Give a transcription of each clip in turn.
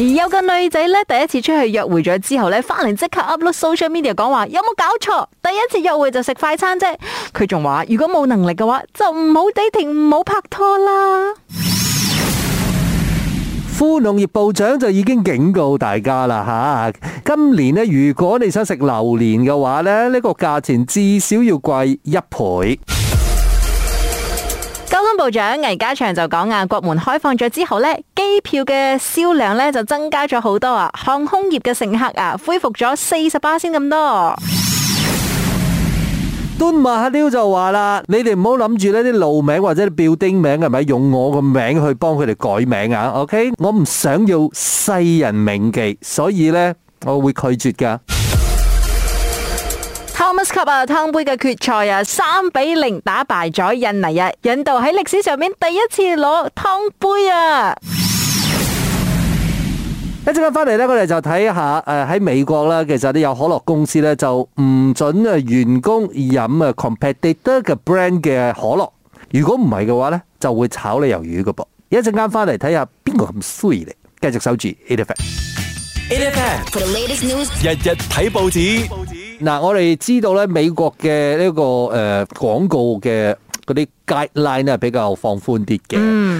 而有個女仔咧，第一次出去約會咗之後咧，翻嚟，即刻 upload social media 講話，有冇搞錯？第一次約會就食快餐啫。佢仲話：如果冇能力嘅話，就唔好 dating，唔好拍拖啦。副農業部長就已經警告大家啦吓，今年咧，如果你想食榴蓮嘅話咧，呢個價錢至少要貴一倍。副部長魏家祥就講啊，國門開放咗之後呢，機票嘅銷量呢就增加咗好多啊，航空業嘅乘客啊恢復咗四十八先咁多。敦馬哈迪就話啦，你哋唔好諗住呢啲路名或者標丁名係咪用我個名去幫佢哋改名啊？OK，我唔想要世人銘記，所以呢，我會拒絕噶。Thomas Cup 啊，湯杯嘅決賽啊，三比零打敗咗印尼啊，印度喺歷史上面第一次攞湯杯啊！一陣間翻嚟咧，我哋就睇下誒喺美國啦，其實都有可樂公司咧就唔准誒員工飲啊 Competitor 嘅 brand 嘅可樂，如果唔係嘅話咧就會炒你魷魚嘅噃。一陣間翻嚟睇下邊個咁衰嚟，繼續守住 the ATV，ATV for the latest news，日日睇報紙。報嗱，我哋知道咧，美國嘅呢個誒廣告嘅嗰啲 Guideline 咧比較放寬啲嘅，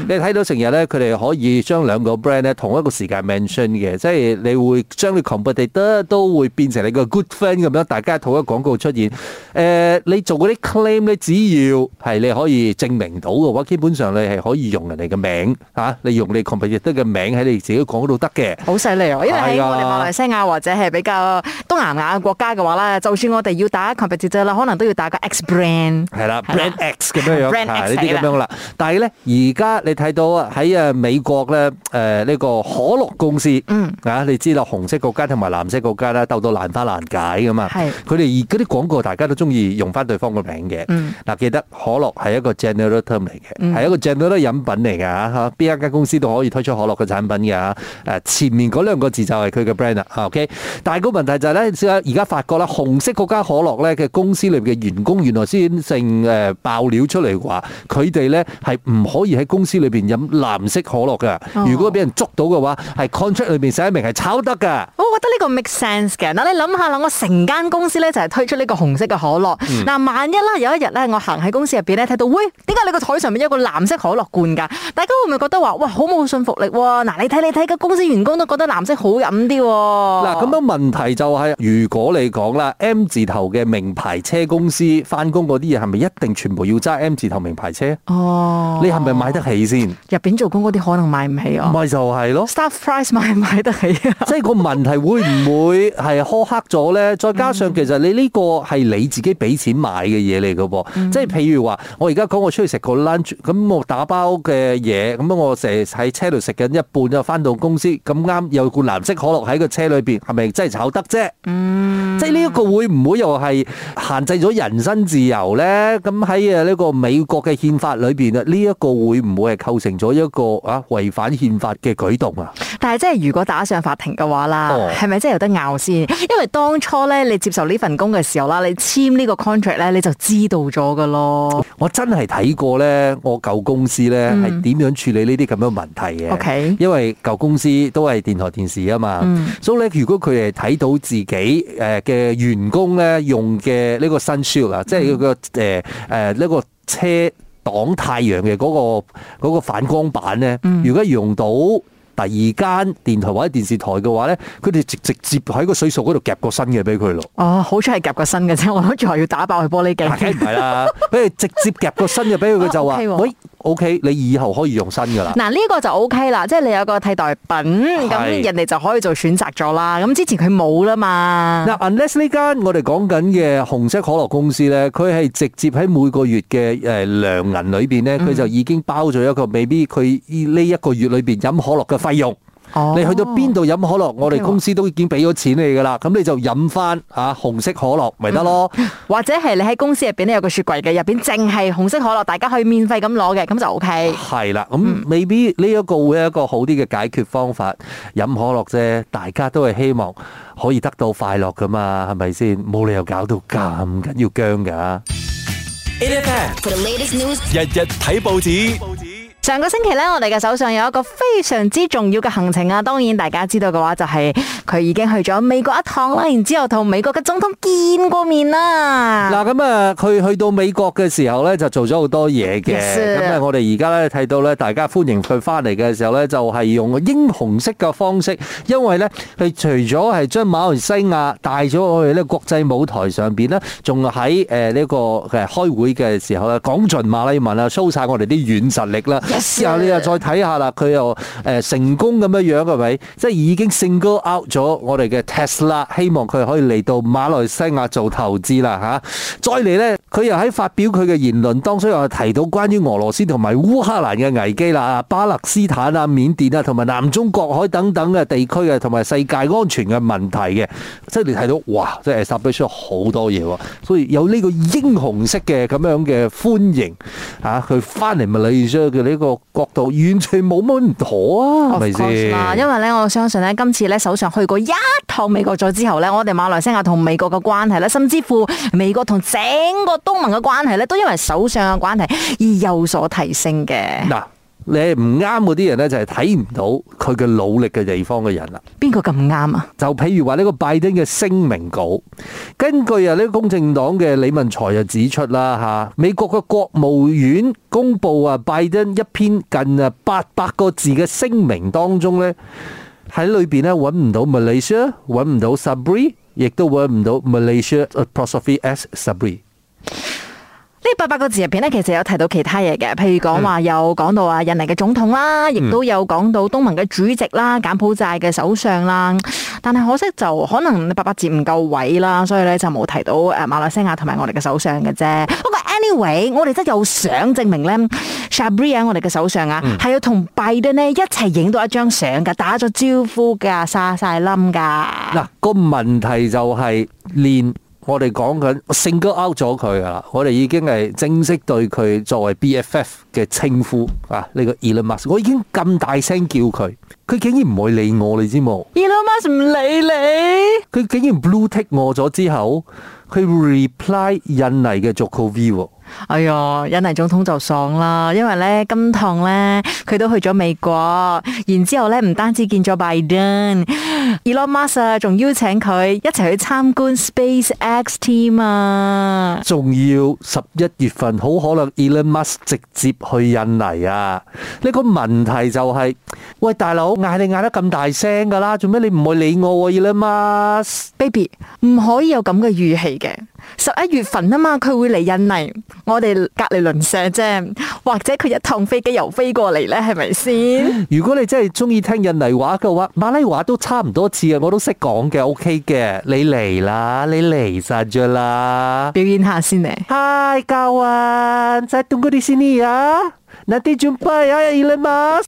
你睇到成日咧，佢哋可以將兩個 brand 咧同一個時間 mention 嘅，即係你會將你 competitor 都會變成你個 good friend 咁樣，大家同一廣告出現。誒，你做嗰啲 claim 咧，只要係你可以證明到嘅話，基本上你係可以用人哋嘅名嚇，你用你 competitor 嘅名喺你自己講嗰度得嘅。好犀利啊！因為喺我哋馬來西亞或者係比較東南亞國家嘅話咧，就算我哋要打 competitor 啦，可能都要打個 X brand。係啦，brand X 咁樣樣。呢啲咁樣啦，但係咧，而家你睇到喺啊美國咧，誒、呃、呢、呢個可樂公司，嗯，啊，你知道紅色國家同埋藍色國家啦，鬥到難花難解噶嘛，係是。佢哋嗰啲廣告大家都中意用翻對方個名嘅，嗱、啊，記得可樂係一個 general term 嚟嘅，係、嗯、一個 general 飲品嚟㗎嚇，嚇、啊、邊一間公司都可以推出可樂嘅產品㗎嚇、啊。前面嗰兩個字就係佢嘅 brand 啦、啊，OK。但係個問題就係咧，而家發覺咧，紅色國家可樂咧嘅公司裏邊嘅員工原來先成誒爆料出嚟。話佢哋咧係唔可以喺公司裏邊飲藍色可樂嘅，如果俾人捉到嘅話，係 contract 裏邊寫明係炒得嘅。我覺得呢個 make sense 嘅。嗱，你諗下啦，我成間公司咧就係推出呢個紅色嘅可樂。嗱，萬一啦，有一日咧我行喺公司入邊咧睇到，喂，點解你個台上面有一個藍色可樂罐㗎？大家會唔會覺得話，哇，好冇信服力喎？嗱，你睇你睇，個公司員工都覺得藍色好飲啲喎。嗱，咁樣問題就係，如果你講啦，M 字頭嘅名牌車公司翻工嗰啲嘢係咪一定全部要揸 M 字頭？名牌車哦，你係咪買得起先？入邊做工嗰啲可能買唔起哦、啊。買就係咯。Staff price 買唔買得起啊。 即係個問題會唔會係苛刻咗咧？再加上其實你呢個係你自己俾錢買嘅嘢嚟噶噃。嗯、即係譬如話，我而家講我出去食個 lunch，咁我打包嘅嘢，咁我成日喺車度食緊一半就翻到公司，咁啱有罐藍色可樂喺個車裏邊，係咪真係炒得啫？嗯。即係呢一個會唔會又係限制咗人身自由咧？咁喺誒呢個美國嘅憲法裏邊、這個、啊，呢一個會唔會係構成咗一個啊違反憲法嘅舉動啊？但係即係如果打上法庭嘅話啦，係咪真係有得拗先？因為當初咧，你接受呢份工嘅時候啦，你簽呢個 contract 咧，你就知道咗㗎咯。我真係睇過咧，我舊公司咧係點樣處理呢啲咁樣問題嘅。嗯、因為舊公司都係電台電視啊嘛，嗯、所以咧，如果佢哋睇到自己誒嘅員工咧用嘅呢個新 show 啊，即係個誒誒呢個。車擋太陽嘅嗰個、嗰個反光板咧，如果用到第二間電台或者電視台嘅話咧，佢哋直直接喺個水槽嗰度夾個新嘅俾佢咯。哦，好彩係夾個新嘅啫，我諗仲要打爆佢玻璃鏡。梗唔係啦，俾佢 直接夾個新嘅俾佢佢就話說。啊 okay O、okay, K，你以後可以用新嘅啦。嗱，呢個就 O K 啦，即係你有個替代品，咁是人哋就可以做選擇咗啦。咁之前佢冇啦嘛。嗱，unless 呢間我哋講緊嘅紅色可樂公司咧，佢係直接喺每個月嘅誒糧銀裏邊咧，佢、嗯、就已經包咗一個未必佢呢一個月裏邊飲可樂嘅費用。你去到邊度飲可樂，oh, okay. 我哋公司都已經俾咗錢你噶啦，咁你就飲翻吓紅色可樂咪得咯，或者係你喺公司入邊咧有個雪櫃嘅，入邊淨係紅色可樂，大家可以免費咁攞嘅，咁就 OK。係啦的，咁、嗯、未必呢一個會有一個好啲嘅解決方法，飲可樂啫，大家都係希望可以得到快樂噶嘛，係咪先？冇理由搞到咁緊要僵噶。啊、日日睇報紙。報紙上個星期咧，我哋嘅手上有一個非常之重要嘅行程啊！當然大家知道嘅話，就係、是、佢已經去咗美國一趟，啦，然之後同美國嘅總統見過面啦。嗱咁啊，佢去到美國嘅時候咧，就做咗好多嘢嘅。咁 Yes. 啊，我哋而家咧睇到咧，大家歡迎佢翻嚟嘅時候咧，就係、是、用英雄式嘅方式，因為咧佢除咗係將馬來西亞帶咗去咧國際舞台上邊呢仲喺誒呢個誒開會嘅時候咧，講盡馬來文啊，show 晒我哋啲軟實力啦。之後你再下又再睇下啦，佢又誒成功咁樣樣係咪？即係已經 single out 咗我哋嘅 Tesla，希望佢可以嚟到馬來西亞做投資啦嚇、啊。再嚟呢，佢又喺發表佢嘅言論當中又提到關於俄羅斯同埋烏克蘭嘅危機啦、巴勒斯坦啊、緬甸啊同埋南中國海等等嘅地區嘅同埋世界安全嘅問題嘅、啊，即係你睇到哇，即係發表出好多嘢喎，所以有呢個英雄式嘅咁樣嘅歡迎嚇，佢翻嚟咪你。個角度完全冇乜唔妥啊，係咪先？因為咧，我相信咧，今次咧，首相去過一趟美國咗之後咧，我哋馬來西亞同美國嘅關係咧，甚至乎美國同整個東盟嘅關係咧，都因為首相嘅關係而有所提升嘅。嗱。 你係唔啱嗰啲人咧，就係睇唔到佢嘅努力嘅地方嘅人啦。邊個咁啱啊？就譬如話呢個拜登嘅聲明稿，根據啊呢個公正黨嘅李文才就指出啦嚇，美國嘅國務院公布啊拜登一篇近啊八百個字嘅聲明當中咧，喺裏邊咧，揾唔到 Malaysia，揾唔到 Sabri，亦都揾唔到 Malaysia apostrophe s Sabri。呢八百個字入邊咧，其實有提到其他嘢嘅，譬如講話有講到啊，印尼嘅總統啦，亦都、嗯、有講到東盟嘅主席啦，柬埔寨嘅首相啦，但係可惜就可能八百字唔夠位啦，所以咧就冇提到誒馬來西亞同埋我哋嘅首相嘅啫。不過 anyway，我哋真係有相證明咧，Shabri 喺我哋嘅首相啊，係要同拜登呢一齊影到一張相噶，打咗招呼噶，晒晒冧噶。嗱，個問題就係練。我哋講緊，我性格 out 咗佢㗎喇，我哋已經係正式對佢作為 BFF 嘅稱呼啊！呢個 Elon Musk，我已經咁大聲叫佢，佢竟然唔會理我，你知冇？Elon Musk 唔理你，佢竟然 blue take 我咗之後，佢 reply 印尼嘅逐個 view 喎。哎喲，印尼總統就爽啦，因為咧今趟咧佢都去咗美國，然之後咧唔單止見咗拜登 ，Elon Musk 仲邀請佢一齊去參觀 Space X team 啊！仲要十一月份，好可能 Elon Musk 直接去印尼啊！呢、這個問題就係、是，喂大佬，嗌你嗌得咁大聲噶啦，做咩你唔會理我、啊、，Elon Musk？Baby，唔可以有咁嘅語氣嘅。十一月份啊嘛，佢會嚟印尼，我哋隔籬鄰舍啫，或者佢一趟飛機又飛過嚟咧，係咪先？如果你真係中意聽印尼話嘅話，馬拉話都差唔多次啊，我都識講嘅，OK 嘅，你嚟啦，你嚟晒咗啦，表演下先嚟。Hi，cowan，再等過啲先啊，下次再見啊，Ilimas，Ilimas，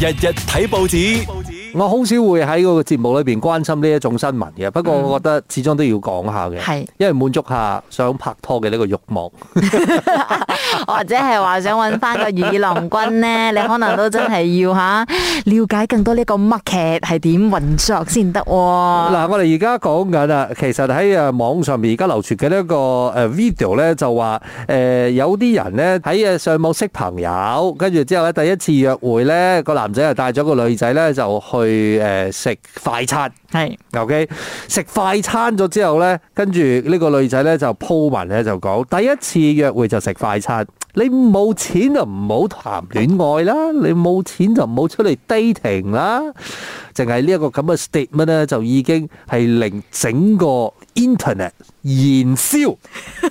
日日睇報紙。我好少會喺個節目裏邊關心呢一種新聞嘅，不過我覺得始終都要講下嘅，嗯、因為滿足下想拍拖嘅呢個慾望， 或者係話想搵翻個如意郎君咧， 你可能都真係要吓了解更多呢個 market 係點運作先得。嗱，我哋而家講緊啊，其實喺誒網上面而家流傳嘅呢一個誒 video 咧，就話誒、呃、有啲人咧喺誒上網識朋友，跟住之後咧第一次約會咧，個男仔又帶咗個女仔咧就去。去誒食快餐，係 OK。食快餐咗之後呢，跟住呢個女仔呢就鋪文呢就講，第一次約會就食快餐，你冇錢就唔好談戀愛啦，你冇錢就唔好出嚟 dating 啦，淨係呢一個咁嘅 statement 呢，就已經係令整個 Internet 燃燒，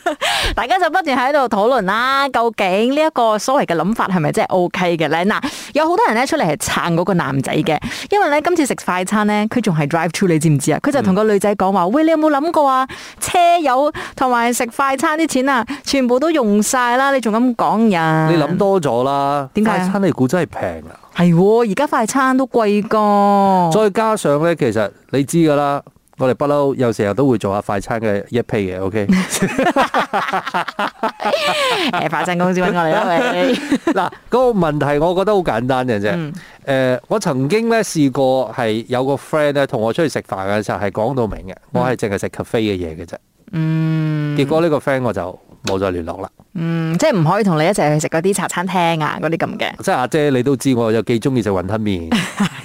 大家就不斷喺度討論啦。究竟呢一個所謂嘅諗法係咪真係 OK 嘅咧？嗱，有好多人咧出嚟係撐嗰個男仔嘅，因為咧今次食快餐咧，佢仲係 drive thru，你知唔知啊？佢就同個女仔講話：，嗯、喂，你有冇諗過啊？車油同埋食快餐啲錢啊，全部都用晒啦！你仲咁講人？你諗多咗啦，點解？快餐你估真係平啊，係喎，而家快餐都貴噶。再加上咧，其實你知噶啦。我哋不嬲，有時候都會做下快餐嘅一批嘅，OK、 呃。誒，快餐公司揾我哋啦，嗱，嗰個問題我覺得好簡單嘅啫。誒、嗯呃，我曾經咧試過係有個 friend 咧同我出去食飯嘅時候係講到明嘅，我係淨係食 cafe 嘅嘢嘅啫。嗯，結果呢個 friend 我就冇再聯絡啦。嗯，即係唔可以同你一齊去食嗰啲茶餐廳啊，嗰啲咁嘅。即係阿姐，你都知我有幾中意食雲吞麵，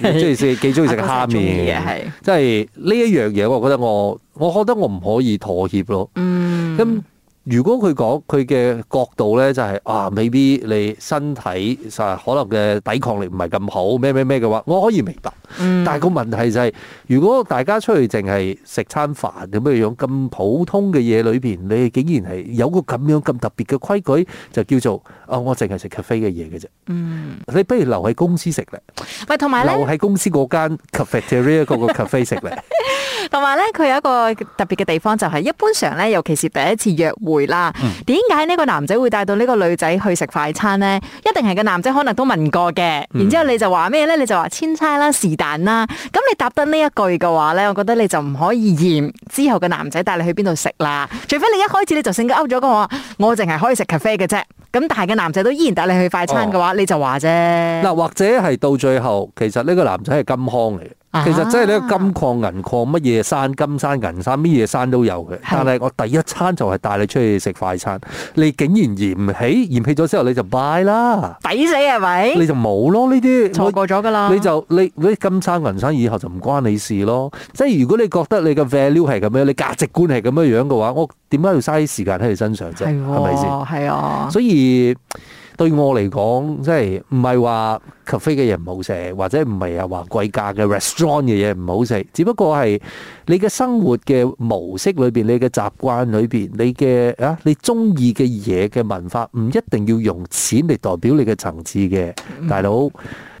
即係幾中意食蝦麵。即係呢一樣嘢，我覺得我，我覺得我唔可以妥協咯。嗯。咁。如果佢講佢嘅角度咧，就係啊，未必你身體就係可能嘅抵抗力唔係咁好，咩咩咩嘅話，我可以明白。嗯，但係個問題就係，如果大家出去淨係食餐飯咁樣樣咁普通嘅嘢裏邊，你竟然係有個咁樣咁特別嘅規矩，就叫做啊，我淨係食 cafe 嘅嘢嘅啫。嗯，你不如留喺公司食啦。喂，同埋咧，留喺公司嗰間 cafeteria 嗰個 cafe 食咧。同埋咧，佢有一個特別嘅地方，就係、是、一般常咧，尤其是第一次約會啦。點解呢個男仔會帶到呢個女仔去食快餐呢？一定係個男仔可能都問過嘅。嗯、然之後你就話咩呢？你就話千差啦，是但啦。咁你答對呢一句嘅話呢，我覺得你就唔可以嫌之後嘅男仔帶你去邊度食啦。除非你一開始你就性格勾咗嘅話，我淨係可以食咖啡嘅啫。咁但係個男仔都依然帶你去快餐嘅話，哦、你就話啫。嗱，或者係到最後，其實呢個男仔係金腔嚟。其實真係呢個金礦銀礦乜嘢山，金山銀山，乜嘢山都有嘅。是但係我第一餐就係帶你出去食快餐，你竟然嫌唔起，嫌棄咗之後你就拜啦，抵死係咪？你就冇咯呢啲，錯過咗噶啦。你就你呢金山銀山，以後就唔關你事咯。即係如果你覺得你嘅 value 係咁樣，你價值觀係咁樣樣嘅話，我點解要嘥啲時間喺你身上啫？係咪先？係啊，哦，所以。對我嚟講，即係唔係話 cafe 嘅嘢唔好食，或者唔係啊話貴價嘅 restaurant 嘅嘢唔好食，只不過係你嘅生活嘅模式裏邊、你嘅習慣裏邊、你嘅啊你中意嘅嘢嘅文化，唔一定要用錢嚟代表你嘅層次嘅，大佬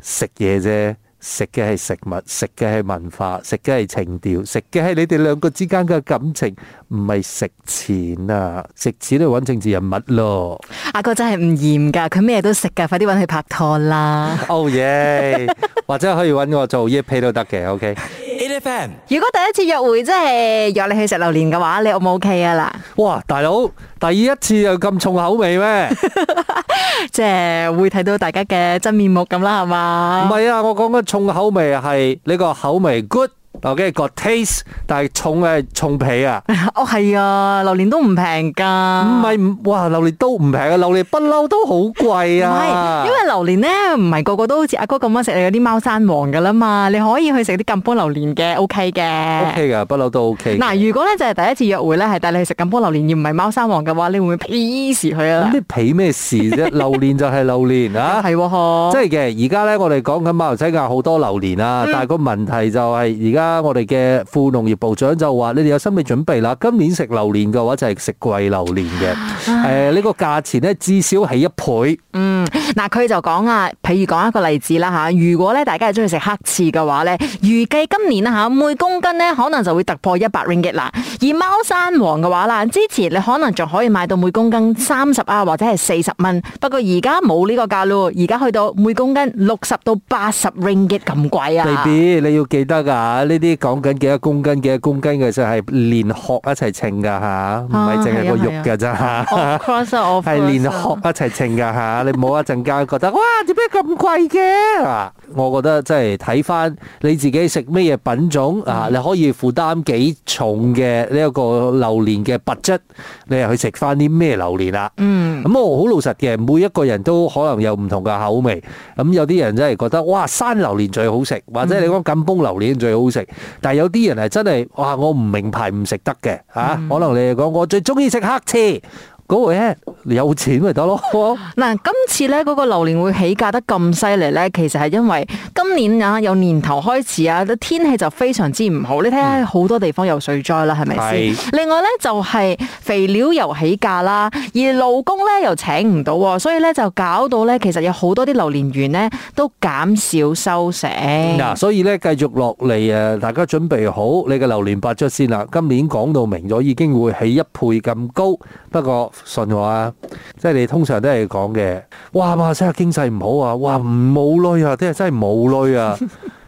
食嘢啫。食嘅係食物，食嘅係文化，食嘅係情調，食嘅係你哋兩個之間嘅感情，唔係食錢啊！食錢都揾政治人物咯。阿哥，哥真係唔嫌噶，佢咩都食噶，快啲揾佢拍拖啦。哦耶，或者可以揾我做 一配都得嘅，OK。如果第一次約會即係約你去食榴蓮嘅話，你 O 唔 OK 啊？嗱，哇，大佬第一次又咁重口味咩？ 即係會睇到大家嘅真面目咁啦，係嘛？唔係 啊，我講嘅重口味係你個口味 good。OK，個 taste，但係重誒重皮啊，哦係啊，榴蓮都唔平噶，唔係，哇，榴蓮都唔平啊，榴蓮不嬲都好貴啊，唔係，因為榴蓮咧唔係個個都好似阿哥咁樣食你嗰啲貓山王噶啦嘛，你可以去食啲金波榴蓮嘅，OK 嘅，OK 噶，不嬲都 OK。嗱，如果咧就係第一次約會咧，係帶你去食金波榴蓮，而唔係貓山王嘅話，你會唔會鄙視佢啊？咁啲鄙咩事啫？榴蓮就係榴蓮啊，係喎，即係嘅。而家咧我哋講緊馬來西亞好多榴蓮啊，但係個問題就係而家。我哋嘅副農業部長就話你哋有心理準備啦，今年食榴蓮嘅話就係食貴榴蓮嘅，誒、呃、呢個價錢咧至少係一倍。嗱佢就講啊，譬如講一個例子啦吓，如果咧大家係中意食黑刺嘅話咧，預計今年啦嚇，每公斤咧可能就會突破一百 ringgit 啦。而貓山王嘅話啦，之前你可能仲可以買到每公斤三十啊或者係四十蚊，不過而家冇呢個價咯，而家去到每公斤六十到八十 ringgit 咁貴啊！B B，你要記得㗎，呢啲講緊幾多公斤幾多公斤嘅就係連殼一齊稱噶吓，唔係淨係個肉㗎咋，係連殼一齊稱㗎吓，你冇一陣家覺得哇，點解咁貴嘅嗱、啊？我覺得即係睇翻你自己食咩嘢品種，嗯、啊，你可以負擔幾重嘅呢一個榴蓮嘅品質，你係去食翻啲咩榴蓮啦。嗯，咁、嗯、我好老實嘅，每一個人都可能有唔同嘅口味。咁、嗯、有啲人真係覺得哇，山榴蓮最好食，或者你講緊崩榴蓮最好食。嗯、但係有啲人係真係哇，我唔明牌唔食得嘅嚇。啊嗯、可能你講我最中意食黑刺。嗰個咧有錢咪得咯嗱， 今次呢，嗰個榴蓮會起價得咁犀利呢，其實係因為今年啊，由年頭開始啊，天氣就非常之唔好，你睇下好多地方有水災啦，係咪先？是是是，另外呢，就係肥料又起價啦，而勞工呢，又請唔到，所以呢，就搞到呢，其實有好多啲榴蓮園呢，都減少收成嗱、嗯，所以呢，繼續落嚟啊，大家準備好你嘅榴蓮八出先啦。今年講到明咗，已經會起一倍咁高，不過。信我啊！即係你通常都係講嘅，哇！哇！真係經濟唔好啊！哇！唔冇女啊！真係真係冇女啊！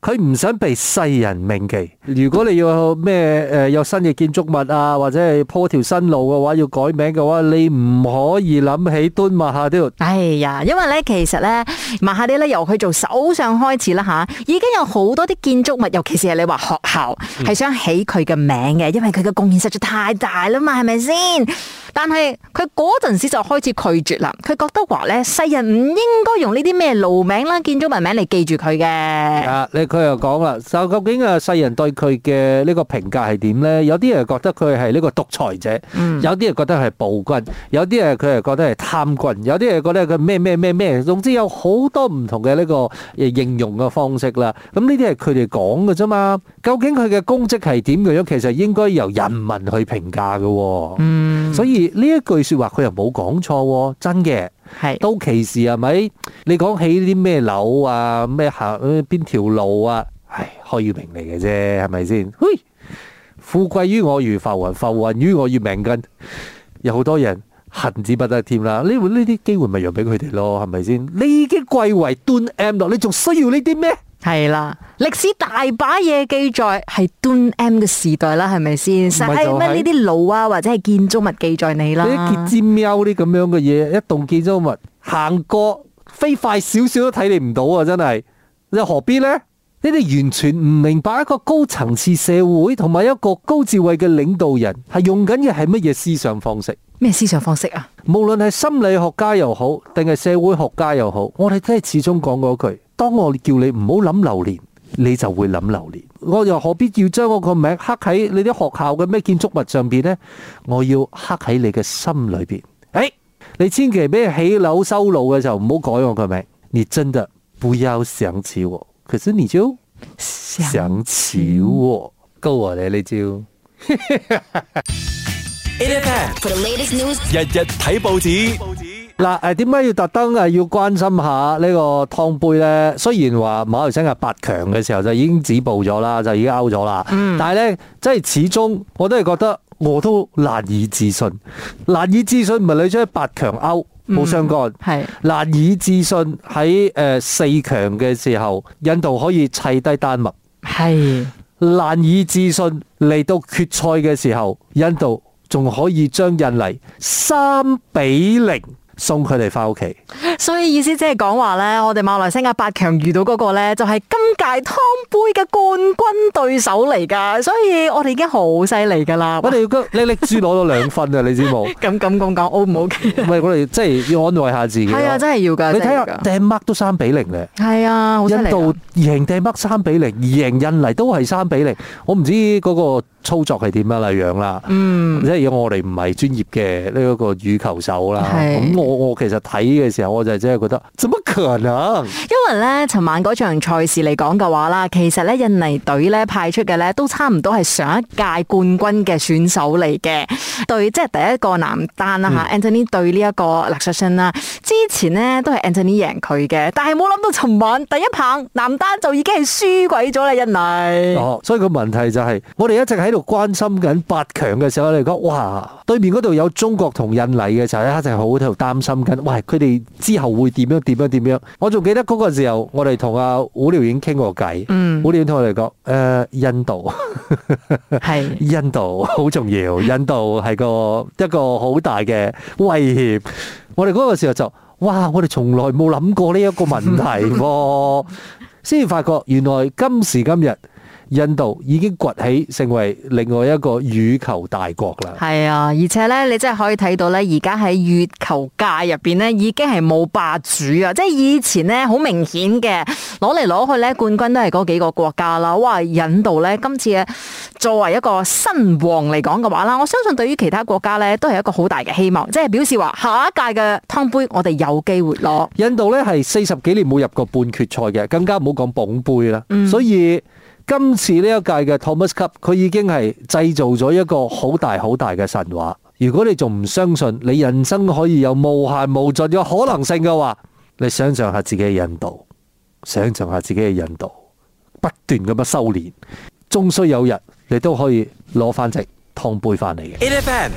佢唔想被世人銘記。如果你要咩誒有新嘅建築物啊，或者係鋪條新路嘅話，要改名嘅話，你唔可以諗起敦馬哈迪。哎呀，因為咧，其實咧，馬哈迪咧由佢做首相開始啦吓、啊，已經有好多啲建築物，尤其是係你話學校，係、嗯、想起佢嘅名嘅，因為佢嘅貢獻實在太大啦嘛，係咪先？但係佢嗰陣時就開始拒絕啦，佢覺得話咧，世人唔應該用呢啲咩路名啦、建築物名嚟記住佢嘅。啊，你。佢又講啦，就究竟啊世人對佢嘅呢個評價係點咧？有啲人覺得佢係呢個獨裁者，嗯、有啲人覺得係暴君，有啲人佢係覺得係貪君，有啲人覺得佢咩咩咩咩，總之有好多唔同嘅呢個應用嘅方式啦。咁呢啲係佢哋講嘅啫嘛。究竟佢嘅功績係點樣？其實應該由人民去評價嘅、哦。嗯，所以呢一句説話佢又冇講錯、哦，真嘅。係都歧視係咪？你講起啲咩樓啊，咩行邊條路啊？唉，開要名嚟嘅啫，係咪先？嘿，富貴於我如浮雲，浮雲於我如命根，有好多人。恨之不得添啦！呢呢啲機會咪讓俾佢哋咯，係咪先？你已經貴爲端 M 咯，你仲需要呢啲咩？係啦，歷史大把嘢記載係端 M 嘅時代啦，係咪先？實係乜呢啲路啊，或者係建築物記載你啦？呢啲傑茲喵啲咁樣嘅嘢，一棟建築物行過飛快少少都睇你唔到啊！真係，你何必咧？你哋完全唔明白一個高層次社會同埋一個高智慧嘅領導人係用緊嘅係乜嘢思想方式？咩思想方式啊？無論係心理學家又好，定係社會學家又好，我哋都係始終講嗰句：當我叫你唔好諗榴蓮，你就會諗榴蓮。我又何必要將我個名刻喺你啲學校嘅咩建築物上邊呢？我要刻喺你嘅心裏邊。誒、哎，你千祈咩起樓修路嘅時候唔好改我個名。你真的不要想起我，可是你就想起我，高我、啊、哋你招？ 日日睇報紙嗱，誒，點解要特登誒要關心下呢個湯杯呢？雖然話馬來西亞八強嘅時候就已經止步咗啦，就已經勾咗啦。嗯、但係呢，即係始終我都係覺得我都難以置信，難以置信唔係你將八強勾冇相干係、嗯、難以置信喺誒、呃、四強嘅時候，印度可以砌低丹麥係是難以置信嚟到決賽嘅時候，印度。仲可以將印尼三比零送佢哋翻屋企，所以意思即係講話咧，我哋馬來西亞八強遇到嗰個咧，就係今屆湯杯嘅冠軍對手嚟噶，所以我哋已經好犀利噶啦。我哋要叻叻豬攞咗兩分啊，你知冇？咁咁講講 O 唔 O K？唔係，我哋即係要安慰下自己。係啊，真係要噶。你睇下，Denmark 都三比零嘅。係啊，一度贏 Denmark 三比零，贏印尼都係三比零。我唔知嗰個。操作係點樣啦樣啦，嗯、即係如果我哋唔係專業嘅呢一個羽球手啦，咁係、嗯、我我其實睇嘅時候，我就真係覺得，怎麼可能？因為咧，尋晚嗰場賽事嚟講嘅話啦，其實咧印尼隊咧派出嘅咧都差唔多係上一屆冠軍嘅選手嚟嘅，對，即、就、係、是、第一個男單啦嚇、嗯、，Anthony 對呢一個 Lukasian 啦，之前呢都係 Anthony 贏佢嘅，但係冇諗到尋晚第一棒男單就已經係輸鬼咗啦印尼。哦，所以個問題就係，我哋一直喺。喺度關心緊八強嘅時候，我哋講哇，對面嗰度有中國同印尼嘅時候，一直好喺度擔心緊。喂，佢哋之後會點樣？點樣？點樣？我仲記得嗰個時候，我哋同阿胡廖遠傾過偈。嗯，胡廖遠同我哋講，誒、呃，印度係 印度好重要，印度係個一個好大嘅威脅。我哋嗰個時候就哇，我哋從來冇諗過呢一個問題，啊，先至 發覺原來今時今日，印度已經崛起成為另外一個羽球大國啦。係啊，而且咧，你真係可以睇到咧，而家喺羽球界入邊咧，已經係冇霸主啊！即係以前咧，好明顯嘅攞嚟攞去咧，冠軍都係嗰幾個國家啦。哇！印度咧，今次作為一個新王嚟講嘅話啦，我相信對於其他國家咧，都係一個好大嘅希望，即係表示話下一屆嘅湯杯我，我哋有機會攞。印度咧係四十幾年冇入過半決賽嘅，更加唔好講捧杯啦。嗯，所以。今次呢一屆嘅 Thomas Cup，佢已經係製造咗一個好大好大嘅神話。如果你仲唔相信你人生可以有無限無盡嘅可能性嘅話，你想象下自己嘅印度，想象下自己嘅印度不斷咁樣修煉，終須有日，你都可以攞翻隻湯杯翻嚟嘅。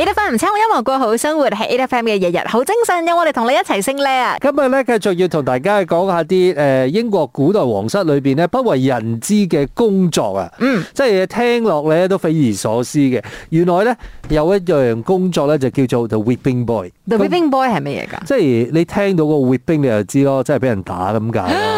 A F M 唔聽我音樂，過好生活，係 A F M 嘅日日好精神，讓我哋同你一齊升呢啊！今日咧繼續要同大家講下啲誒英國古代皇室裏邊咧不為人知嘅工作啊，嗯，即係聽落咧都匪夷所思嘅。原來咧有一樣工作咧就叫做 the whipping boy the 那。the whipping boy 係乜嘢噶？即係你聽到個 whipping 你就知咯，即係俾人打咁解。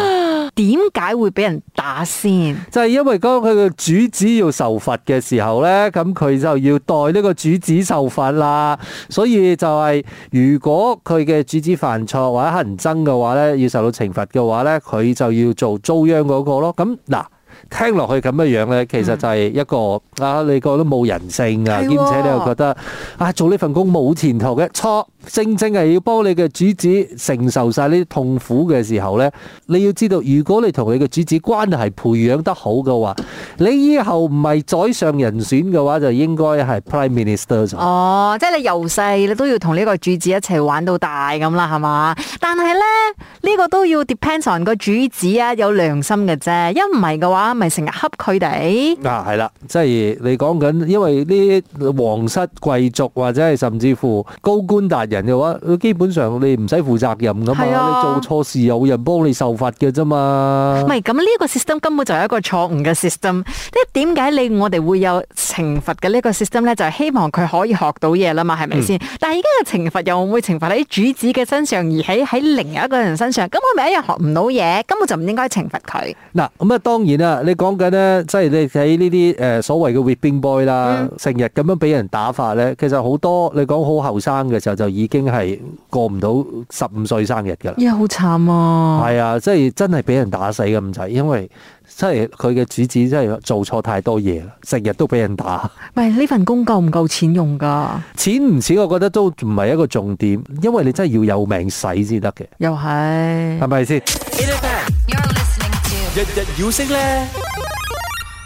點解會俾人打先？就係因為當佢嘅主子要受罰嘅時候呢，咁佢就要代呢個主子受罰啦。所以就係、是，如果佢嘅主子犯錯或者乞人憎嘅話呢，要受到懲罰嘅話呢，佢就要做遭殃嗰個咯。咁嗱，聽落去咁嘅樣呢，其實就係一個、嗯、啊，你覺得冇人性啊，兼、嗯、且你又覺得對、哦、啊，做呢份工冇前途嘅錯。錯正正係要幫你嘅主子承受晒呢啲痛苦嘅時候咧，你要知道，如果你同你嘅主子關係培養得好嘅話，你以後唔係宰相人選嘅話就應該係 prime minister 咗。哦，即係你由細你都要同呢個主子一齊玩到大咁啦，係嘛？但係咧，呢個都要 depends on 個主子啊，有良心嘅啫。一唔係嘅話咪成日恰佢哋。嗱係啦，即係你講緊，因為呢皇室貴族或者係甚至乎高官大。人嘅話，佢基本上你唔使負責任噶嘛，是啊、你做錯事有人幫你受罰嘅啫嘛。唔係，咁，呢個 system 根本就係一個錯誤嘅 system。即係點解你我哋會有？懲罰嘅呢個 system 咧，就係、是、希望佢可以學到嘢啦嘛，係咪先？嗯、但係而家嘅懲罰又唔會懲罰喺主子嘅身上，而喺喺另外一個人身上？咁佢咪一樣學唔到嘢，根本就唔應該懲罰佢。嗱，咁啊，當然啦，你講緊咧，即係你睇呢啲誒所謂嘅 whipping boy 啦，成日咁樣俾人打發咧，其實好多你講好後生嘅時候，就已經係過唔到十五歲生日噶啦。呀、欸，好慘啊！係啊，即係真係俾人打死咁滯，因為。即係佢嘅主子，真係做錯太多嘢啦，成日都俾人打。唔係呢份工夠唔夠錢用噶？錢唔錢，我覺得都唔係一個重點，因為你真係要有命使先得嘅。又係，係咪先？日日妖聲咧。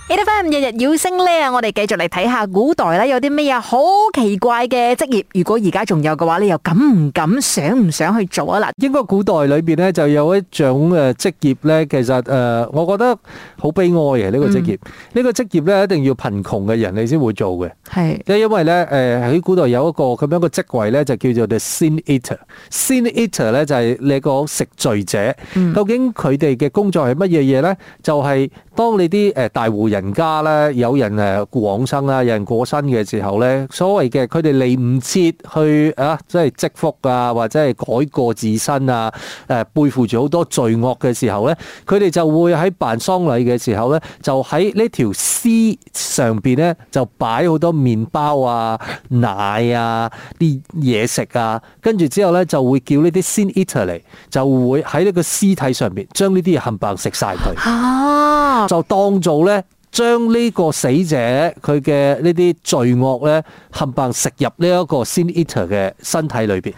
A. D. M. 日日要升咧，我哋繼續嚟睇下古代咧有啲咩嘢，好奇怪嘅職業。如果而家仲有嘅話，你又敢唔敢想唔想去做啊？嗱，應該古代裏邊咧就有一種誒職業咧，其實誒，我覺得好悲哀嘅呢個職業。呢個職業咧一定要貧窮嘅人你先會做嘅。係，因為咧誒喺古代有一個咁樣嘅職位咧，就叫做 the sin eater。sin eater 咧就係你個食罪者。嗯。究竟佢哋嘅工作係乜嘢嘢咧？就係當你啲誒大戶人。人家咧有人誒過往生啦，有人過身嘅時候咧，所謂嘅佢哋嚟唔切去啊，即係積福啊，或者係改過自身啊，誒、啊、背負住好多罪惡嘅時候咧，佢哋就會喺辦喪禮嘅時候咧，就喺呢條屍上邊咧就擺好多麵包啊、奶啊啲嘢食啊，跟住之後咧就會叫呢啲 sin eater 嚟，就會喺呢個屍體上邊將呢啲嘢冚唪唥食晒佢，就當做咧。將呢個死者佢嘅呢啲罪惡呢，冚唪唥食入呢一個 sin eater 嘅身體裏邊。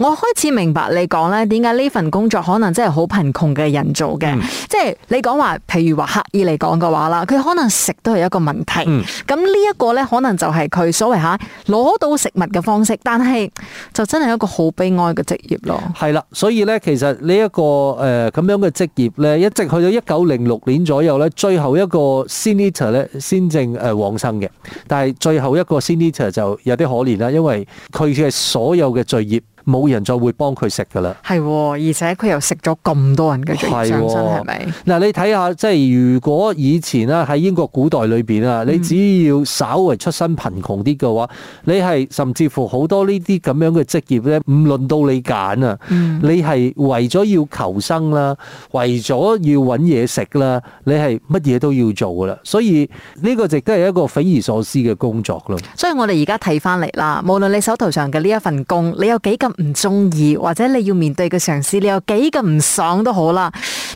我開始明白你講咧點解呢份工作可能真係好貧窮嘅人做嘅，即係你講話，譬如話刻意嚟講嘅話啦，佢可能食都係一個問題。咁、嗯、呢一個咧，可能就係佢所謂嚇攞、啊、到食物嘅方式，但係就真係一個好悲哀嘅職業咯。係啦，所以咧，其實呢、這、一個誒咁、呃、樣嘅職業咧，一直去到一九零六年左右咧，最後一個 senator 咧先正誒、呃、往生嘅，但係最後一個 senator 就有啲可憐啦，因為佢嘅所有嘅罪業。冇人再會幫佢食噶啦，係，而且佢又食咗咁多人嘅上身，係咪？嗱，你睇下，即係如果以前啊喺英國古代裏邊啊，嗯、你只要稍微出身貧窮啲嘅話，你係甚至乎好多呢啲咁樣嘅職業咧，唔輪到你揀啊，嗯、你係為咗要求生啦，為咗要揾嘢食啦，你係乜嘢都要做噶啦，所以呢個就真係一個匪夷所思嘅工作咯。所以我哋而家睇翻嚟啦，無論你手頭上嘅呢一份工，你有幾咁唔中意，或者你要面對嘅嘗試，你有幾咁唔爽都好啦。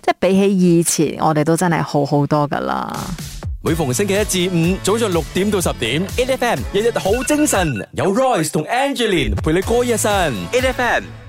即係比起以前，我哋都真係好好多噶啦。每逢星期一至五，早上六點到十點，NFM，日日好精神，有 Royce 同 Angeline 陪你過一生。NFM。